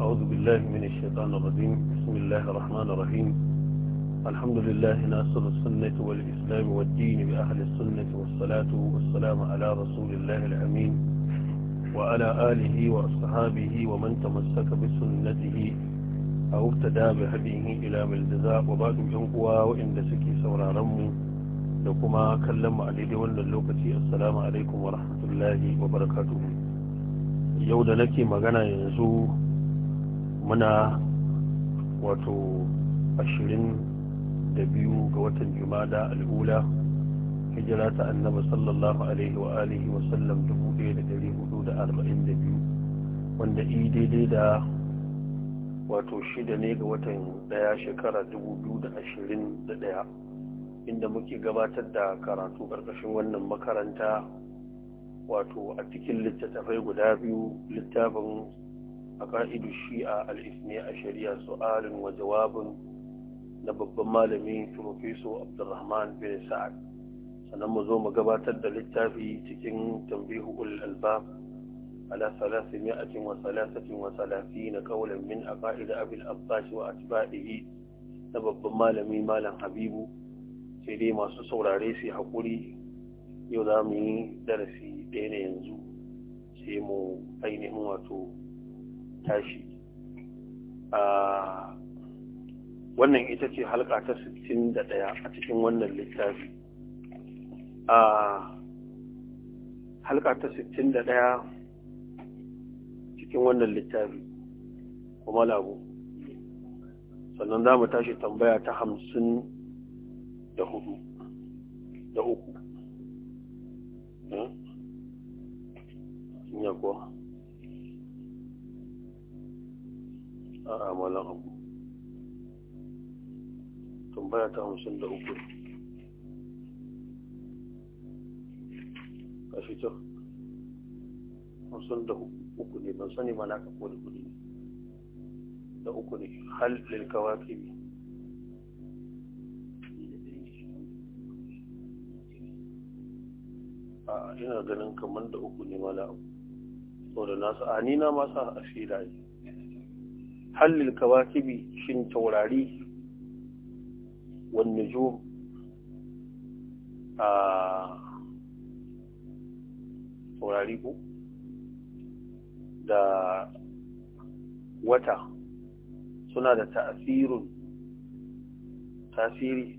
أعوذ بالله من الشيطان الرجيم بسم الله الرحمن الرحيم الحمد لله ناصر السنة والإسلام والدين بأهل السنة والصلاة والسلام على رسول الله الأمين وعلى آله وأصحابه ومن تمسك بسنته أو اقتدى بهديه إلى ملتزاء وبعد ينقوى وإن دسكي سورا رمو لكما كلم عليه ولا اللوكتي السلام عليكم ورحمة الله وبركاته يود لك مغنى ينزو muna wato ashirin ga watan jumada al'ula hijira ta annaba sallallahu alaihi wa alihi wa sallam dubu ɗaya da ɗari hudu wanda i daidai da wato shida ne ga watan ɗaya shekara 2021 inda muke gabatar da karatu ƙarƙashin wannan makaranta wato a cikin littattafai guda biyu littafin عقائد الشيعة الاثنية الشريعة سؤال وجواب نبب مالمي بروفيسور عبد الرحمن بن سعد sannan mu zo mu gabatar da littafi cikin tambihu ul albab ala salasi mi'atin wa salasatin wa salasi na kaulan min aqaid abil abbash wa atba'ihi na babban malami malam habibu sai dai masu saurare su hakuri yau za mu yi darasi ɗaya ne yanzu sai mu ainihin wato tashi wannan ita ce halka ta 61 a cikin wannan littafi halka ta 61 cikin wannan littafi kuma labu sannan za mu tashi tambaya ta hamsin da hudu da uku malam abu tambaya ta hamsin da uku a fitar hamsin da uku ne ban sani ma na ka kudi da uku ne hal a ina ganin kamar da uku ne na abu saboda nasu a ni na masa a filaye halil kawakibi shin taurari wani jo a taurari ko da wata suna da ta'asirun tasiri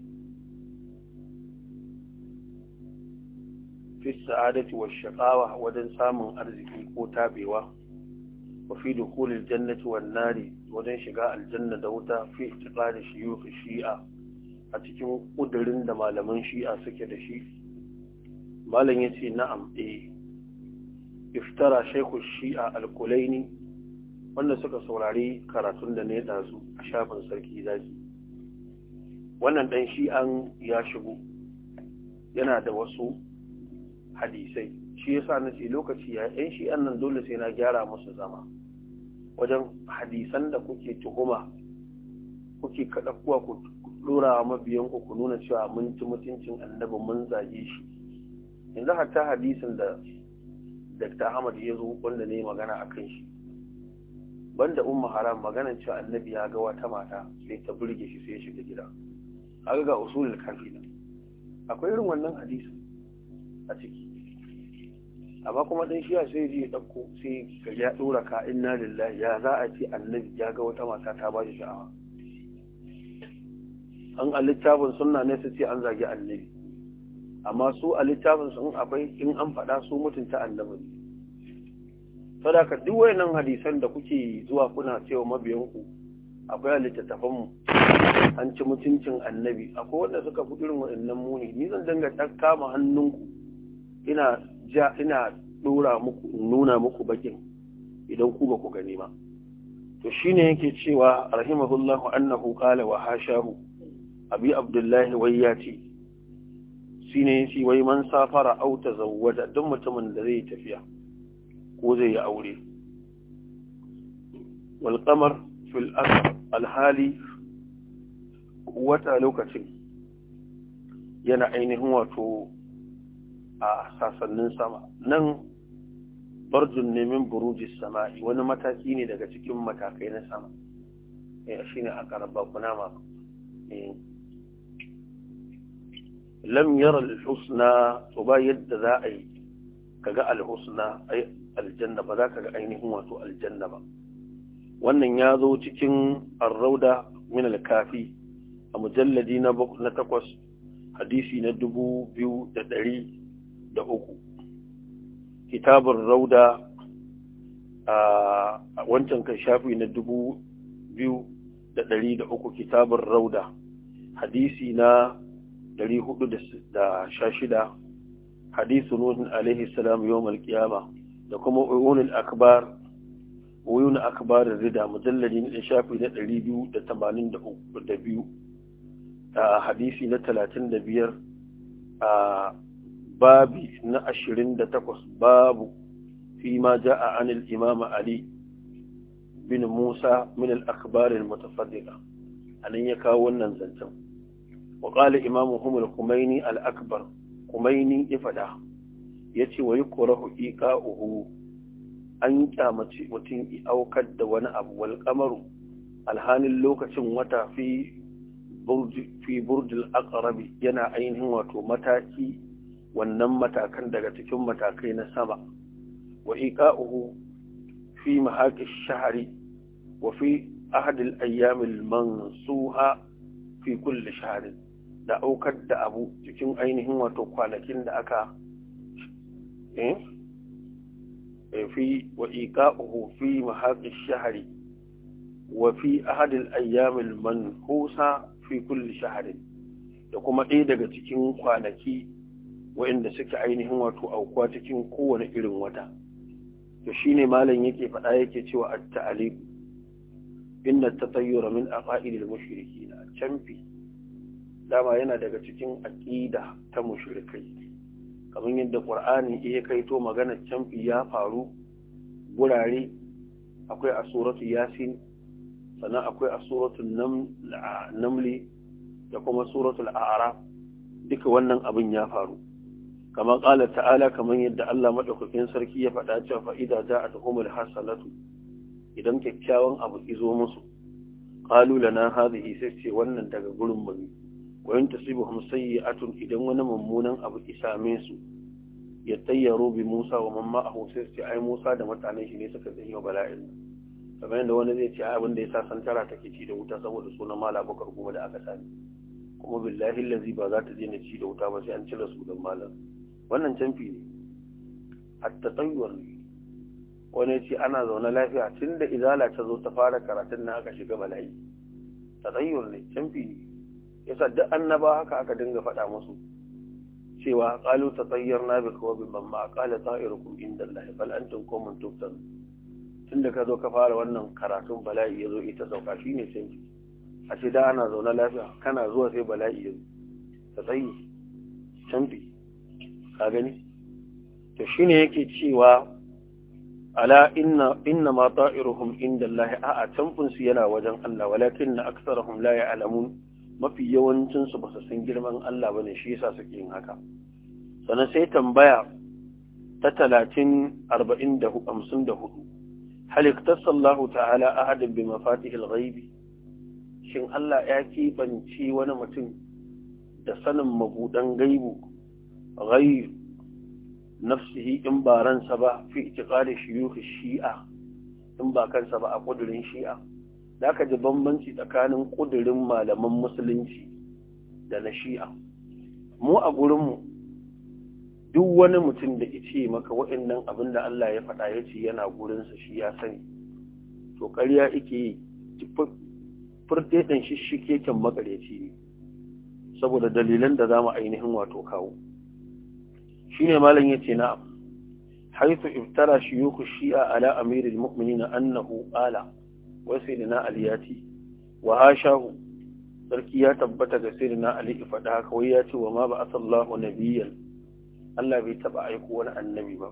fi sa'adati wa wajen samun arziki ko tabewa wa fi dukhulil jannati wan nari wajen shiga aljanna da wuta fi itiqadi shuyukh shi'a a cikin kudurin da malaman shi'a suke da shi malam yace na'am eh iftara shaykhu shi'a al ne, wanda suka saurari karatun da ne su a shafin sarki zaki wannan dan shi'an ya shigo yana da wasu hadisai shi yasa nace lokaci ya yan shi'an nan dole sai na gyara musu zama wajen hadisan da kuke tuhuma kuke kaɗa kuwa ku ɗora mabiyan ku ku nuna cewa mun ci mutuncin annabi mun zage shi yanzu hatta hadisin da Dr. Ahmad ya zo wanda ne magana a kan shi banda umma haram maganar cewa annabi ya ga wata mata sai ta burge shi sai ya shiga gida kaga ga usulul kafi akwai irin wannan hadisi a ciki amma kuma dan shiya sai ji ya ɗauko sai ka ya ɗora ka inna lillahi ya za a ce annabi ya ga wata mata ta ba shi sha'awa an a littafin sunna ne su ce an zagi annabi amma su a littafin sun akwai in an faɗa su mutunta annabi sadaka duk wayannan hadisan da kuke zuwa kuna cewa ku, akwai a littattafan mu an ci mutuncin annabi akwai wanda suka fi irin wayannan muni ni zan dinga kama hannunku ina ja ina dora muku nuna muku bakin idan ku ba ku gani ba to shine yake cewa rahimahullahu annahu qala wa hashahu abi abdullahi wayyati shine shi wai man safara aw tazawwada duk mutumin da zai tafiya ko zai yi aure wal qamar fil alhali wata lokacin yana ainihin wato a sassanin sama nan barjun nemin buruji sama'i wani mataki ne daga cikin matakai na sama eh, shi ne a karaba kunama eh. lam yara al-husna to ba yadda za a yi kaga al-husna ai aljanna ba za ka ga ainihin wato aljanna ba wannan ya zo cikin arrauda min al a mujalladi na takwas hadisi na dubu biyu da ɗari da uku kitabun rauda a wancan kan shafi na dubu biyu da ɗari da uku kitabun rauda hadisi na ɗari hudu da sha shida hadisu nuhin alaihi salam yau malkiyama da kuma uyunin akbar uyun akbar rida mujalladi na shafi na ɗari biyu da tamanin da biyu a hadisi na talatin da biyar a babi na ashirin da takwas babu fi ja'a anil imam ali bin musa min al-akhbar al ya kawo wannan zancen wa qala imamuhum al kumaini al-akbar khumaini ifada yace wa yukrahu iqa'uhu an kyamace mutum i da wani abu wal alhanin lokacin wata fi burjil aqrabi yana ainihin wato mataki wannan matakan daga cikin matakai na sama wa iqa'uhu fi mahaqish shahri wa fi ahad al-ayyam al-mansuha fi kulli shahr da aukar da abu cikin ainihin wato kwanakin da aka eh, eh fi wa iqa'uhu fi mahaqish shahri wa fi ahad al-ayyam al-manhusa fi kulli shahr da kuma ɗaya daga cikin kwanaki waɗanda suka ainihin wato aukuwa cikin kowane irin wata to shine malam yake faɗa yake cewa a taalib inna tatayyura min a mashiriki na canfi dama yana daga cikin aƙida ta mushrikai kamar yadda iya kai kaito magana canfi ya faru gurare akwai a suratu yasin sannan akwai a suratu namli da kuma suratul a'raf duka wannan abin ya faru kamar ƙala ta'ala kamar yadda Allah maɗaukakin sarki ya faɗa cewa fa’ida za a tuhumar hasalatu idan kyakkyawan abu izo musu ƙalulana hazihi sai ce wannan daga gurin mani wayan ta sibu hamsayi atun idan wani mummunan abu isa su ya tayyaro bi musa wa mamma a hosai sai ai musa da mutanen shi ne suka zanyi wa kamar yadda wani zai ce abin da ya sa santara take ci da wuta saboda sunan mala bakar goma da aka sani kuma billahi lazi ba za ta je na ci da wuta ba sai an cire su don malam wannan canfi ne a tatsayuwar ne wani ce ana zaune lafiya tun da izala ta zo ta fara karatun na aka shiga bala'i tsayyur ne canfi ne ya yasa duk annaba haka aka dinga faɗa musu cewa qalu tatayyar na bika wa bimman ma qala ta'irukum inda Allah bal antum qawmun tuftan tunda ka zo ka fara wannan karatun bala'i ya zo ita sauka ne, canfi a ce da ana zaune lafiya kana zuwa sai bala'i ya zo. Ta tsayi, canfi a gani to shine yake cewa ala inna inna ma ta'iruhum inda Allah a a yana wajen Allah walakin na aksarahum la ya'lamun mafi yawancin su basu san girman Allah bane shi yasa suke yin haka sannan sai tambaya ta 30 40 da 54 hal iktasa Allah ta'ala ahadan bi mafatihil ghaibi shin Allah ya kibanci wani mutum da sanin mabudan gaibu غير نفسه إن بارن سبا في اعتقاد شيوخ الشيعة إن كان سبا أقدر شيعة ذاك جبن بنسي تكان قدر ما لمن مسلمشي دنا شيعة مو أقولهم duk wani mutum da ice maka wa'annan abin da Allah ya faɗa ya ce yana gurinsa shi ya sani to ƙarya ike yi furɗe ɗan shi makareci ne saboda dalilan da za mu ainihin wato kawo ne malam yace na'am Haisu, Iftara, shuyukh shi'a ala amir almu'minin annahu ala wa sayyidina ali yati wa hashahu sarki ya tabbata ga sayyidina ali ya faɗa haka wai ce wa ma ba'atha na nabiyyan Allah bai taba aiko wani annabi ba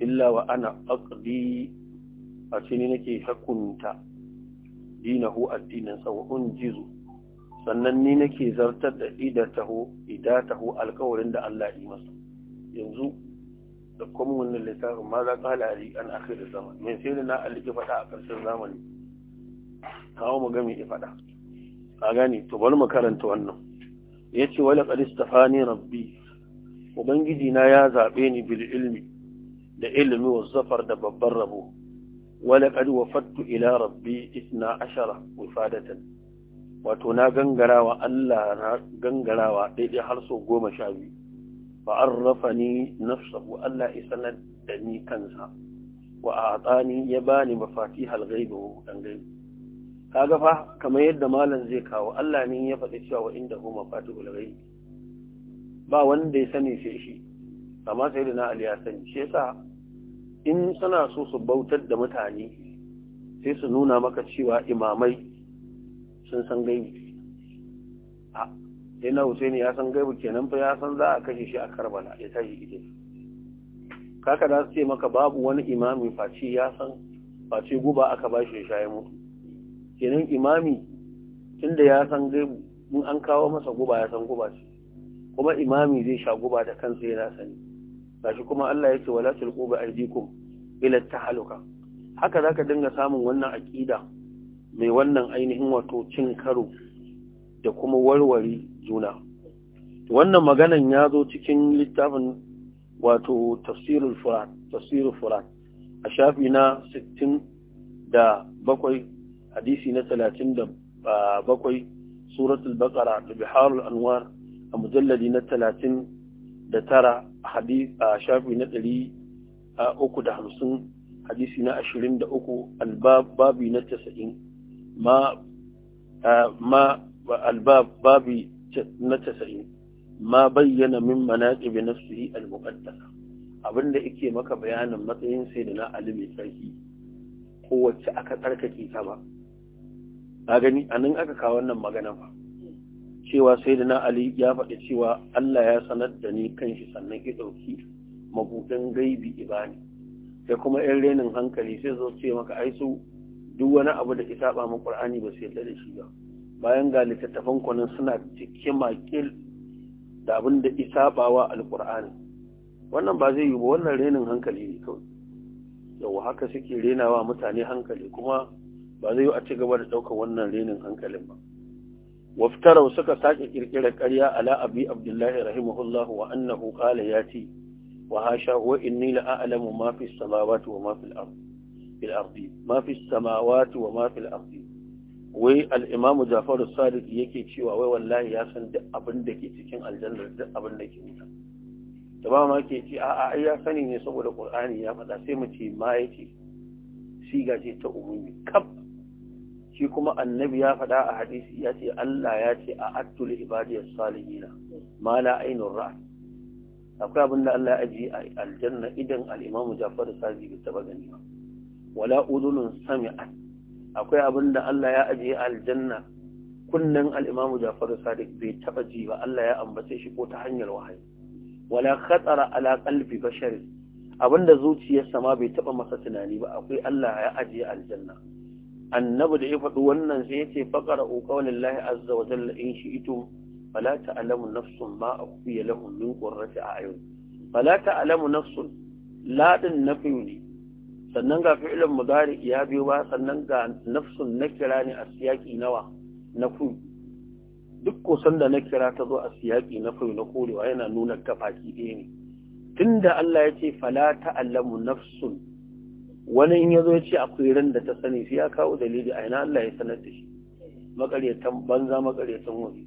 illa wa ana a ce ni nake hukunta dinahu addinin sa wa sannan ni nake zartar da idatahu taho alƙawarin da Allah yi masa yanzu da kuma wannan littafin ma za ka hala ali an akhir zaman min sai na ali fada faɗa a ƙarshen zamani kawo mu gami ifada faɗa a gane to bari mu karanta wannan yace wala qad istafani rabbi ubangiji na ya zabe ni bil ilmi da ilmi wa zafar da babbar rabo wala qad wafattu ila rabbi ashara wifadatan wato na gangarawa Allah na gangarawa daidai har so goma sha biyu فعرفني نفسه ألا إسندني كنزا وأعطاني يباني مفاتيح الغيب والغيب ga fa kamar yadda malam zai kawo Allah ne ya faɗi cewa wa inda huma fatihul halgai. ba wanda ya sani sai shi amma sai da na Ali ya sani shi yasa in suna so su bautar da mutane sai su nuna maka cewa imamai sun san gaibi sai na husaini ya san gaibu kenan fa ya san za a kashe shi a karbala ya tashi ita kaka da su ce maka babu wani imami face ya san face guba aka ba shi ya mutu kenan imami tunda ya san gaibu in an kawo masa guba ya san guba ce kuma imami zai sha guba da kansa yana sani gashi kuma Allah ya ce wala tulqu bi aydikum ila tahaluka haka zaka dinga samun wannan aqida mai wannan ainihin wato cin karo da kuma warware juna wannan maganan ya zo cikin littafin wato tafsirul furat tafsirul furat a shafi na 60 da bakwai hadisi na 30 da bakwai suratul baqara da biharul anwar a mujalladi na 30 da tara a shafi na 350 hadisi na 23 albabi na 90 ma ma albab babi na tasa'in ma bayyana min na suyi al-muqaddasa abinda yake maka bayanin matsayin sai da na alimi tsarki. kowace aka tsarkake ta ba ka gani anan aka kawo wannan magana ba cewa sai da na ali ya faɗi cewa Allah ya sanar da ni kanshi sannan ya ɗauki mabuɗin gaibi ibani Da kuma yan renin hankali sai zo ce maka ai su duk wani abu da ke saba mu Qur'ani ba su yarda da shi ba bayan ga littattafan kwanan suna cike makil da abin da isa bawa alkur'ani wannan ba zai yi ba wannan renin hankali ne kawai yau haka suke renawa mutane hankali kuma ba zai yi a ci gaba da ɗaukar wannan renin hankalin ba waftarau suka sake kirkirar ƙarya ala abi abdullahi rahimahullahu wa annahu qala yati wa hasha wa inni la a'lamu ma fi samawati wa ma fil ardi ma fi samawati wa ma fil ardi wai al'imamu jafaru sadiq yake cewa wai wallahi ya san duk abin da ke cikin aljanna duk abin da ke wuta da ba ma ke ce a'a ai ya sani ne saboda qur'ani ya faɗa sai mu ce ma ce shi ta umumi kaf shi kuma annabi ya faɗa a hadisi ya ce Allah ya ce a attul ibadiyar salihina ma la ainihin ra'a akwai abin da Allah ya a aljanna idan al'imamu jafaru sadiq bai taba gani ba wala udunun sami'at akwai abin da Allah ya ajiye aljanna kunnen al'imamu jafaru sadiq bai taɓa ji ba Allah ya ambace shi ko ta hanyar wahayi wala khatara ala qalbi bashari abinda zuciyarsa ma bai taɓa masa tunani ba akwai Allah ya ajiye aljanna annabi da ya faɗi wannan sai yace faqara qawlillahi azza wa jalla in ito. fala ta'lamu nafsun ma akhfiya lahum min a a'yun fala ta'lamu nafsun la din nafi sannan ga fi'ilin mudari ya biyo ba sannan ga nafsun na kira ne a siyaki nawa na ku duk kusan da na kira ta zo a siyaki na ku na kodewa yana nuna gabaki ɗaya ne tunda Allah ya ce fala ta'allamu nafsun wani in yazo ya ce akwai ran da ta sani sai ya kawo dalili a ina Allah ya sanar da shi makaryatan banza makaryatan wani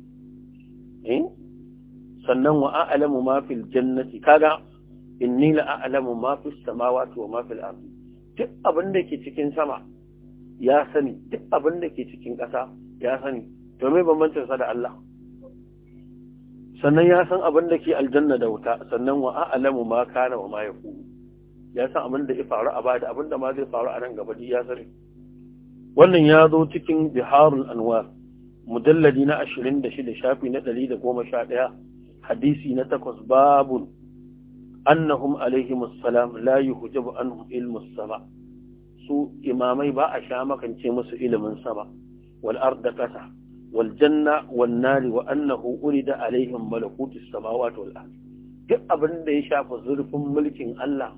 eh sannan wa a'lamu ma fil jannati kaga inni la a'lamu ma fis samawati wa ma fil ardi duk abin da ke cikin sama ya sani duk abin da ke cikin ƙasa ya sani to mai bambancin sa da Allah sannan ya san abin da ke aljanna da wuta sannan wa a'lamu ma kana wa ma yakunu ya san abin da ya faru a baya da abin da ma zai faru a nan gaba ya sani wannan ya zo cikin biharul anwar mudalladi na 26 shafi na 111 hadisi na 8 babun annahum alaihim assalam la yuhjabu anhum ilmu sama su imamai ba a sha makance musu ilimin sama wal arda kasa wal janna wan wa annahu urida alaihim malakutus samawati wal ard duk abin da ya shafa zurfin mulkin Allah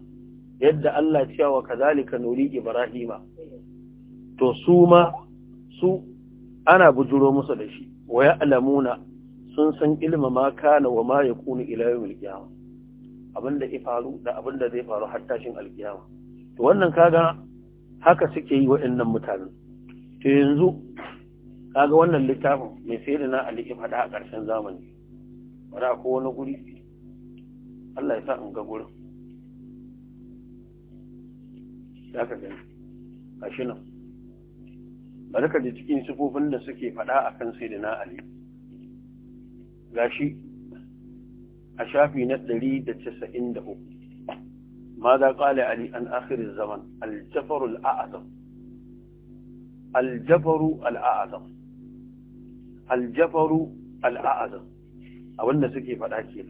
yadda Allah cewa kazalika nuri ibrahima to su ma su ana bujuro musu da shi wa ya'lamuna sun san ilma ma kana wa ma yakunu ila yawmil qiyamah abin da ya faru da abin da zai faru har tashin alkiyama to wannan kaga haka suke yi waɗannan mutane. to yanzu kaga wannan littafin mai sayar na ali ibn faɗa a ƙarshen zamani bara ko wani guri Allah ya sa in ga gurin za ka gani gashi nan bari ka ji cikin sifofin da suke faɗa akan kan na ali gashi أشافي نتلي دتسئن ده ماذا قال علي أن آخر الزمن الجفر الأعظم الجفر الأعظم الجفر الأعظم أول نسكي فالأكيد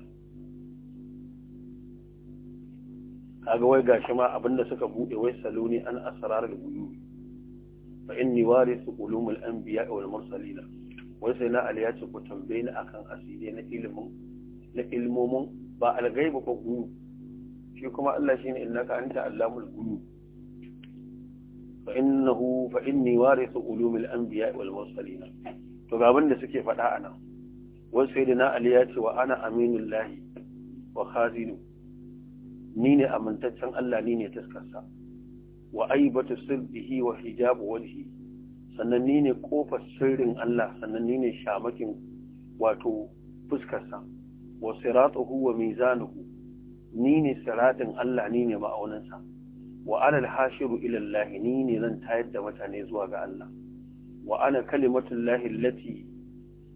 أقوي قاشما أبن نسك أبوئي ويسألوني أن أسرار البيوت فإني وارث علوم الأنبياء والمرسلين ويسألنا عليات سبتم أخا أسيدين إلمهم da ilmomin ba algaibu ba guru shi kuma Allah shine innaka anta allamul guru fa innahu fa ulumil anbiya wal mursalin to ga abin da suke faɗa anan wai sayyidina ali ya ce wa ana aminullahi wa khazinu ni ne amintaccen Allah ni ne taskarsa wa aibatu sirrihi wa hijabu wajhi sannan ni ne kofar sirrin Allah sannan ni ne shamakin wato fuskarsa wa siratuhu wa mizanuhu ni ne siratin Allah ni ne ma'auninsa wa ana alhashiru ila Allah ni ne zan tayar da mutane zuwa ga Allah wa ana kalimatul lahi allati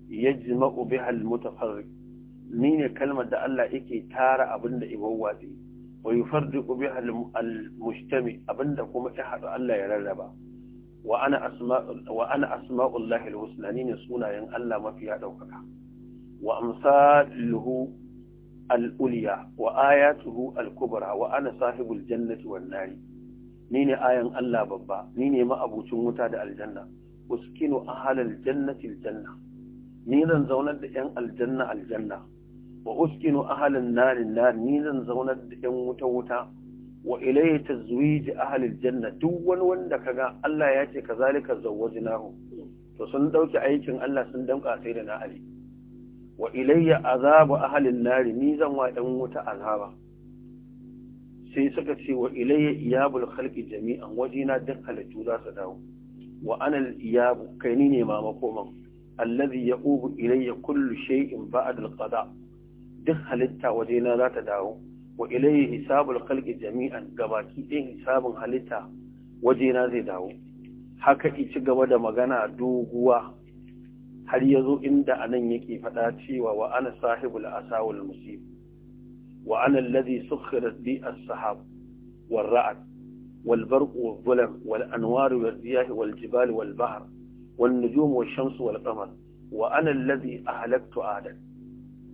yajma'u biha almutafarriq ni ne kalmar da Allah yake tara abinda ibawwati wa yufarriqu biha almujtami abinda kuma ya hadu Allah ya rarraba wa ana asma'u wa ana asma'ullahi alhusna ni ne sunayen Allah mafiya daukaka وأمثاله الأولياء وآياته الكبرى وأنا صاحب الجنة والنار نيني آية الله ببا نيني ما أبو تموتا دا الجنة أسكن أهل الجنة الجنة نينا زونا دا الجنة الجنة وأسكن أهل النار النار نينا زونا دا متوتا وإليه تزويج أهل الجنة دون وندكا الله ياتي كذلك زوجناه فسندوك أيكن الله سندوك أسيرنا عليه wa ilayya azabu ahalin nari ni zan wa ɗan wuta azaba sai suka ce wa ilayya iyabul khalqi jami'an wajina duk halittu za su dawo wa ana iyabu kai ni ne ma makoman allazi yaqubu ilayya kullu shay'in ba'da al-qada duk halitta wajena za ta dawo wa ilayya hisabul khalqi jami'an gabaki ɗin hisabun halitta wajena zai dawo haka ki ci gaba da magana doguwa har ya zo inda anan yake faɗa cewa wa ana sahibul asawul musib wa ana alladhi sukhirat bi as-sahab wal ra'd wal barq wal zulam wal anwar wal riyah wal jibal wal bahr wal nujum wal shams wal qamar wa ana alladhi ahlaktu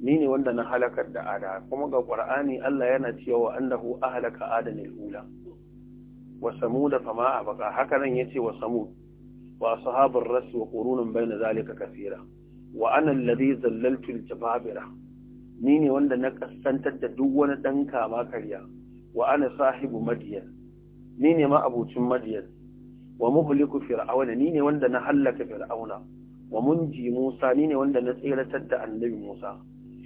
ni ne wanda na halakar da ada kuma ga qur'ani Allah yana cewa annahu ahlaka adan al-ula wa samud fama abqa haka nan yace wa samud وأصحاب الرس وقرون بين ذلك كثيرا وأنا الذي ذللت الجبابرة نيني وند نكسنتد دون دنكا ما كريا وأنا صاحب مدين نيني ما أبو مدين ومهلك فرعون نيني وند نهلك فرعون ومنجي موسى نيني وند نسئلة تد النبي موسى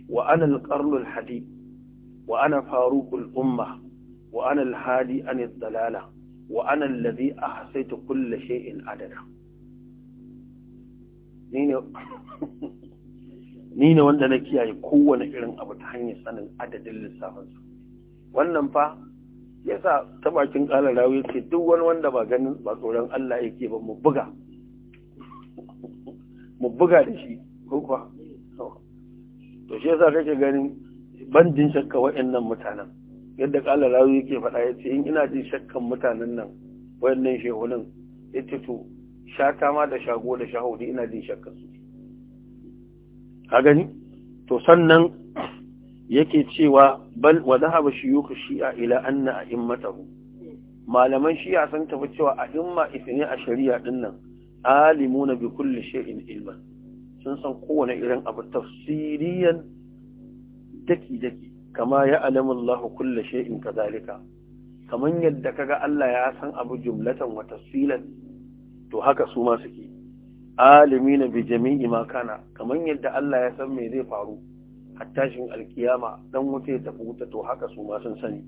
وأنا القرن الحديد وأنا فاروق الأمة وأنا الهادي عن الضلالة وأنا الذي أحصيت كل شيء عددا ni ne wanda na kiyaye kowane irin abu ta hanyar sanin adadin lissafinsu wannan fa sa ta bakin kala rawi ce duk wani wanda ba ganin ba tsoron Allah yake ba mu buga mu buga da shi ko kuwa to shi ya sa kake ganin ban jin shakka wa'annan mutanen yadda kala rawi yake faɗa ya ce in ina jin shakkan mutanen nan wa'annan shehunan ya to shata ma da shago da shaho ina jin shakka su a gani to sannan yake cewa bal wa dhahaba shuyukh shi'a ila anna a'immatahu malaman shi'a sun tafi cewa a'imma isne a shari'a dinnan alimuna bi kulli shay'in ilma sun san kowane irin abu tafsiriyan daki daki kama ya alamu Allah kulli shay'in kadalika kaman yadda kaga Allah ya san abu jumlatan wa tafsilan to haka su ma suke alimi na bi jami'i ma kana kamar yadda Allah ya san me zai faru hatta tashin alkiyama dan wuce ta tafi wuta to haka su ma sun sani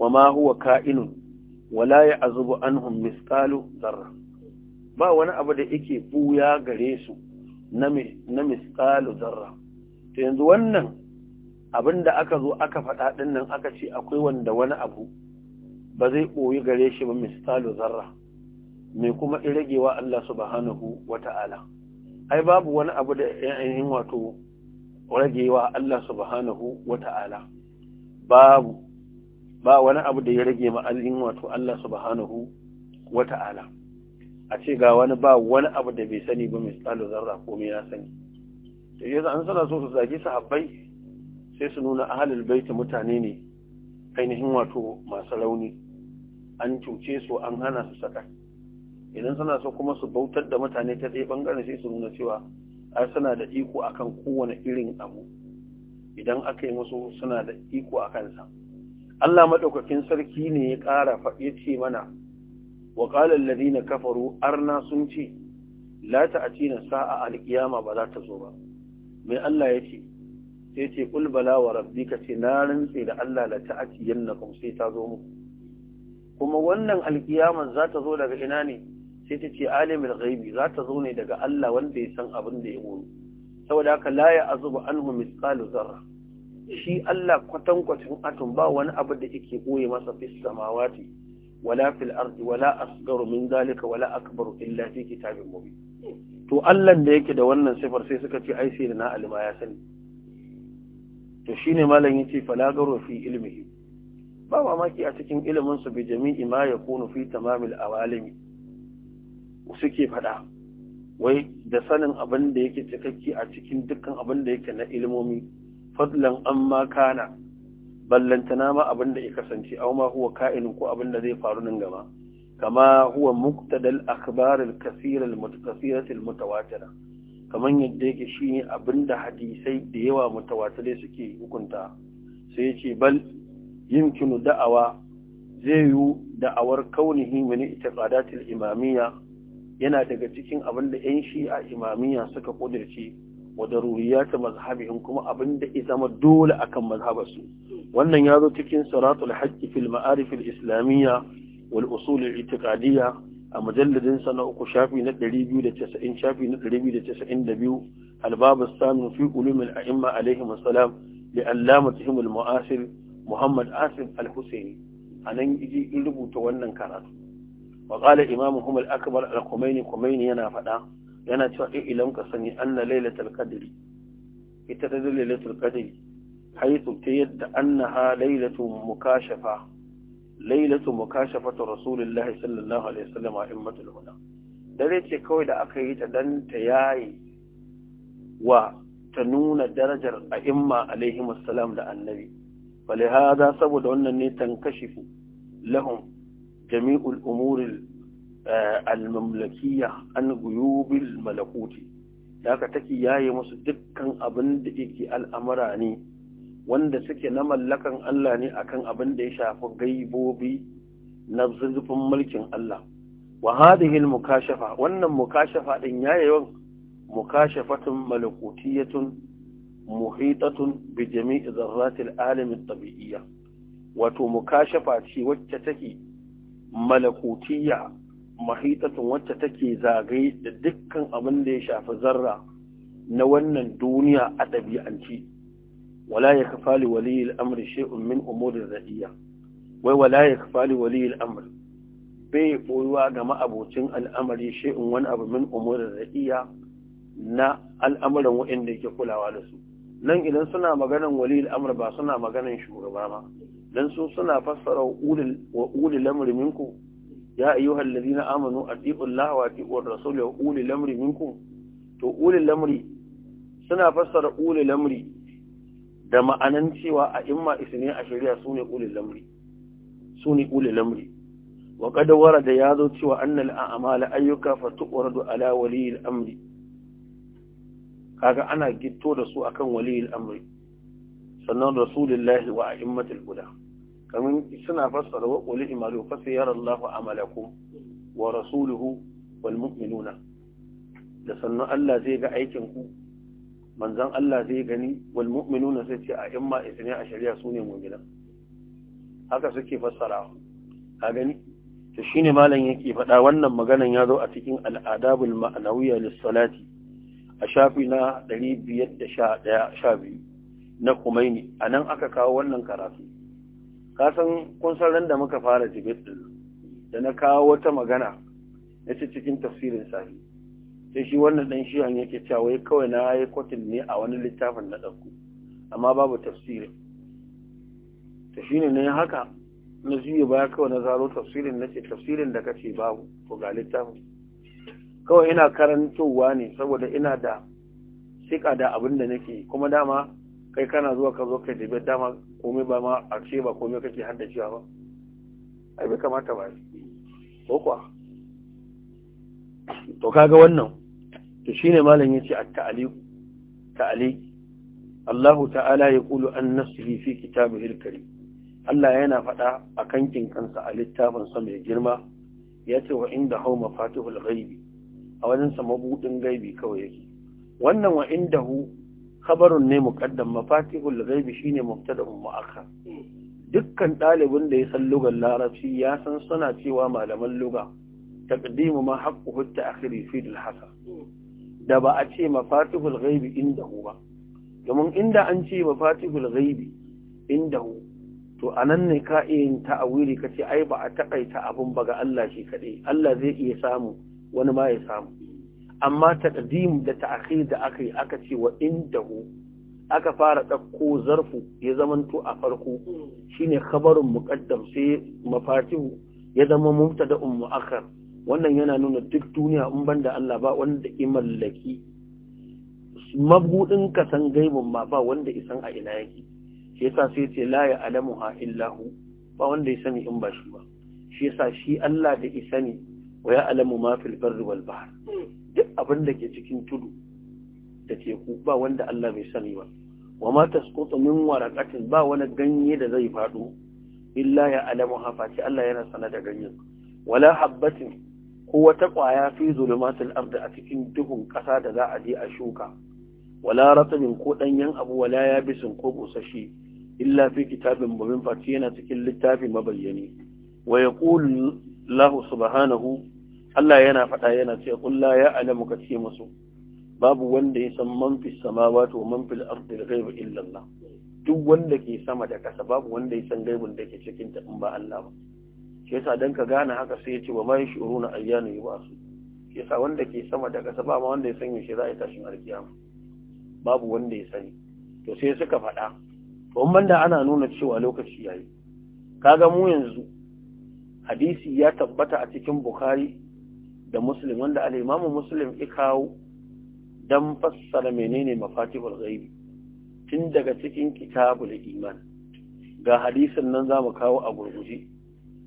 wa ma huwa ka'inun wala ya'zubu anhum misqalu dharra ba wani abu da yake buya gare su na misqalu dharra to yanzu wannan abin da aka zo aka faɗa ɗin nan aka ce akwai wanda wani abu ba zai ɓoyi gare shi ba misqalu dharra mai kuma iragewa Allah subhanahu wata'ala ai babu wani abu da yin wato ragewa Allah subhanahu wata'ala babu ba wani abu da ya rage ma ainihin wato Allah subhanahu wata'ala a ce ga wani ba wani abu da bai sani ba mai tsalo zarra ko mai ya sani da yanzu an sana so su su sahabbai sai su nuna ahalul baiti mutane ne ainihin wato masu rauni an cuce su an hana su sadaka idan suna so kuma su bautar da mutane ta ɗaya ɓangaren sai su nuna cewa ai suna da iko akan kowane irin abu idan aka yi musu suna da iko a kansa Allah maɗaukakin sarki ne ya ƙara ya ce mana wa ƙalar na kafaru arna sun ce la ta a sa'a alƙiyama ba za ta zo ba mai Allah ya ce sai ce ƙul bala wa rabbi ka ce na rantse da Allah la ta a sai ta zo muku kuma wannan alƙiyamar za ta zo daga ina ne sai ta ce alimul ghaibi za ta zo ne daga Allah wanda ya san abin da ya gobe saboda haka la ya azubu anhu misqalu zarra shi Allah kwatankwacin atom ba wani abu da yake boye masa fis samawati wala fil ardi wala asgaru min zalika wala akbaru illa fi kitabin mubin to Allah da yake da wannan sifar sai suka ce ai sai da na alima ya sani to shine malam yace fala garu fi ilmihi ba mamaki a cikin ilimin su bi jami'i ma yakunu fi tamamil awalimi suke faɗa wai da sanin abin da yake cikakke a cikin dukkan abin da yake na ilimomi fadlan amma kana ballantana ma abin da ya kasance au ma huwa ka'in ko abin da zai faru nan gaba kama huwa muqtadal akhbar al kaseer al al mutawatira kaman yadda yake shine abin da hadisai da yawa mutawatire suke hukunta sai yace bal yumkinu da'awa zai yu da'awar kaunihi min itiqadatil imamiyya yana daga cikin abin da 'yan shi'a imamiya suka ƙudurci wa daruriya ta mazhabihim kuma abin da ya zama dole akan mazhabarsu wannan ya zo cikin siratul haqqi fil ma'arif al islamiyya wal usul al i'tiqadiyya a mujalladin sa na uku shafi na 290 shafi na 292 al bab samin fi ulum al a'imma alaihim assalam li allamatihim al mu'asir muhammad asif al husaini anan yaji rubuta wannan karatu wa qala imamuhum al-akbar al-khumaini yana faɗa yana cewa ilam ka sani anna lailatul qadri ita ta lailatul qadri haythu ta yadda annaha lailatu mukashafa lailatu mukashafatu rasulillahi sallallahu alaihi wasallam a'immatul huda dare ce kawai da aka yi ta danta ta yayi wa ta nuna darajar a'imma alaihi salam da annabi falihada saboda wannan ne tankashifu lahum jami'ul umuril al-mamlakiyya an guyubil malakuti da ka take yaye musu dukkan abin da yake al'amara ne wanda suke na mallakan Allah ne akan abin da ya shafi gaibobi na zurfin mulkin Allah wa hadhihi al-mukashafa wannan mukashafa din yayewan mukashafatun malakutiyatun muhitatun bi jami'i zarratil alam at-tabi'iyya wato mukashafa ce wacce take malakutiyya mahitatun wacce take zagaye da dukkan abin da ya shafi zarra na wannan duniya a ɗabi'anci wala ya kafa li waliyil amri shay'un min umurir ra'iyya wai wala ya kafa li waliyil amri bai koyuwa ga ma'abocin al'amari shay'un wani abu min umurir ra'iyya na al'amuran waɗanda yake kulawa da su nan idan suna maganan waliyil amr ba suna maganan shugaba ma dan su suna fassara wa ulil lamri minkum ya ayyuhal ladina amanu atiqu Allah wa atiqu ar-rasul wa ulil lamri minkum to ulil lamri suna fassara ulil lamri da ma'anan cewa a imma isne a shari'a sune ulil lamri sune ulil lamri wa qad warada yazo cewa annal a'mala ayyuka fatuqradu ala waliyil amri kaga ana gitto da su akan waliyil amri sannan rasulullahi wa a'immatul huda kamin suna fassara wa qul imalu fa sayarallahu amalakum wa rasuluhu wal mu'minuna da sannan Allah zai ga aikin ku manzon Allah zai gani wal mu'minuna sai ce a imma isne a shari'a sune gina. haka suke fassara A gani to shine malam yake faɗa wannan maganan ya zo a cikin al'adabul ma'nawiyya lis a shafi na 511 na Kumaini nan aka kawo wannan karatu kasan kun san ran da muka fara tibet din da na kawo wata magana na ce cikin tafsirin sahi sai shi wannan dan shi an yake cewa wai kawai na yi kwatin ne a wani littafin na ɗauko amma babu tafsirin ta shine ne haka na juya baya kawai na zaro tafsirin na ce tafsirin da kace babu ko ga littafin kawai ina karantowa ne saboda ina da sika da abin da nake kuma dama kai kana zuwa ka zo kai da dama komai ba ma a ce ba komai kake haddacewa ba ai bai kamata ba ko kuwa to kaga wannan to shine malam yace at-ta'liq ta'liq Allah ta'ala ya kulu an nasri fi kitabihi al-karim Allah yana faɗa a kankin kansa a littafin sa mai girma yace wa inda hu mafatihul ghaibi a wajen sa mabudin gaibi kawai yake wannan wa inda hu khabarun ne muqaddam mafatihul ghaibi shine mubtada'un mu'akhkhar dukkan ɗalibin da ya san lugar larabci ya san suna cewa malaman luga taqdimu ma haqquhu ta'khiri fi al-hasar da ba a ce mafatihul ghaibi indahu ba domin inda an ce mafatihul ghaibi indahu to anan ne ka yin ta'awili kace ai ba a takaita abun ba ga Allah shi kaɗai Allah zai iya samu wani ma ya samu amma taqdim da ta'khir da aka yi aka ce wa indahu aka fara ɗauko zarfu ya zamanto a farko shine kabarin muqaddam sai mafatihu ya zama mumta umu akar wannan yana nuna duk duniya in banda Allah ba wanda ke mallaki mabudin ka san gaibin ma ba wanda isan a ina yake shi yasa sai ce la ya alamu alamuha illahu ba wanda ya sani in ba shi ba shi yasa shi Allah da isani Waya Alamu ma barri wal bahar? duk abin da ke cikin tudu da teku ba wanda Allah bai sani ba wa ma tasqutu min waraqatin ba wani ganye da zai fado illa ya alamu hafati Allah yana sana da ganyen wala habbatin ko wata kwaya fi zulumatul ardi a cikin duhun kasa da za a je a shuka wala ratabin ko danyen abu wala yabisin ko busashi illa fi kitabin mubin fati yana cikin littafi mabayyani wa yaqulu Allah subhanahu Allah yana faɗa yana ce la ya alamu ka ce musu babu wanda ya san man fi samawati wa man fil ardi ghaibu illa Allah duk wanda ke sama da kasa babu wanda ya san gaibun da ke cikin ta in ba Allah ba shi yasa dan ka gane haka sai ya ce wa ma yashuruna ayyana yubasu shi yasa wanda ke sama da kasa ba ma wanda ya san yaushe za a yi tashin alkiyama babu wanda ya sani to sai suka faɗa to in da ana nuna cewa lokaci yayi kaga mu yanzu hadisi ya tabbata a cikin bukhari da muslim wanda al'imamu muslim ya kawo don fassara menene mafatihul ghaibi tun daga cikin kitabul iman ga hadisin nan za mu kawo a gurguje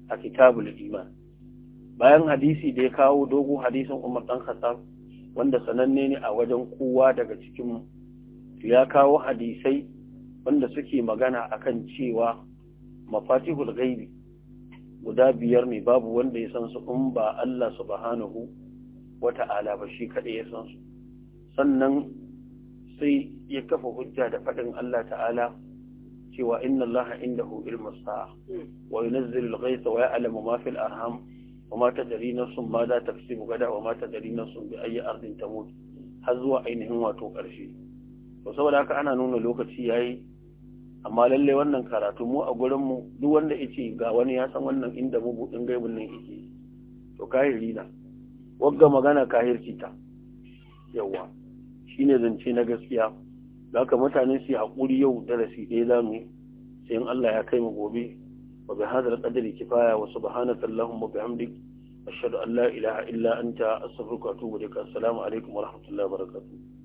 a kitabul iman bayan hadisi da ya kawo dogo hadisin umar dan khattab wanda sananne ne a wajen kowa daga cikin ya kawo hadisai wanda suke magana akan cewa mafatihul ghaibi guda biyar ne babu wanda ya san su in ba Allah subhanahu ala ba shi kaɗai ya san su sannan sai ya kafa hujja da faɗin Allah ta'ala cewa inna Allah indahu ilmu sa'a wa yunazzilu al-ghaytha wa ya'lamu ma fil arham wa ma tadri nafsun ma za taksubu gada wa ma tadri nafsun bi ayyi ardin tamut har zuwa ainihin wato ƙarshe to saboda haka ana nuna lokaci yayi amma lalle wannan karatu mu a gurin mu duk wanda yake ga wani ya san wannan inda mu budin gaibin nan yake to kahiri na wagga magana kahirci ta yawa shine zance na gaskiya da ka mutane su hakuri yau darasi ɗaya za mu sai in Allah ya kai mu gobe wa bi hadal qadri kifaya wa subhanaka allahumma bihamdik ashhadu an la ilaha illa anta astaghfiruka wa atubu ilaik assalamu alaikum wa rahmatullahi wa barakatuh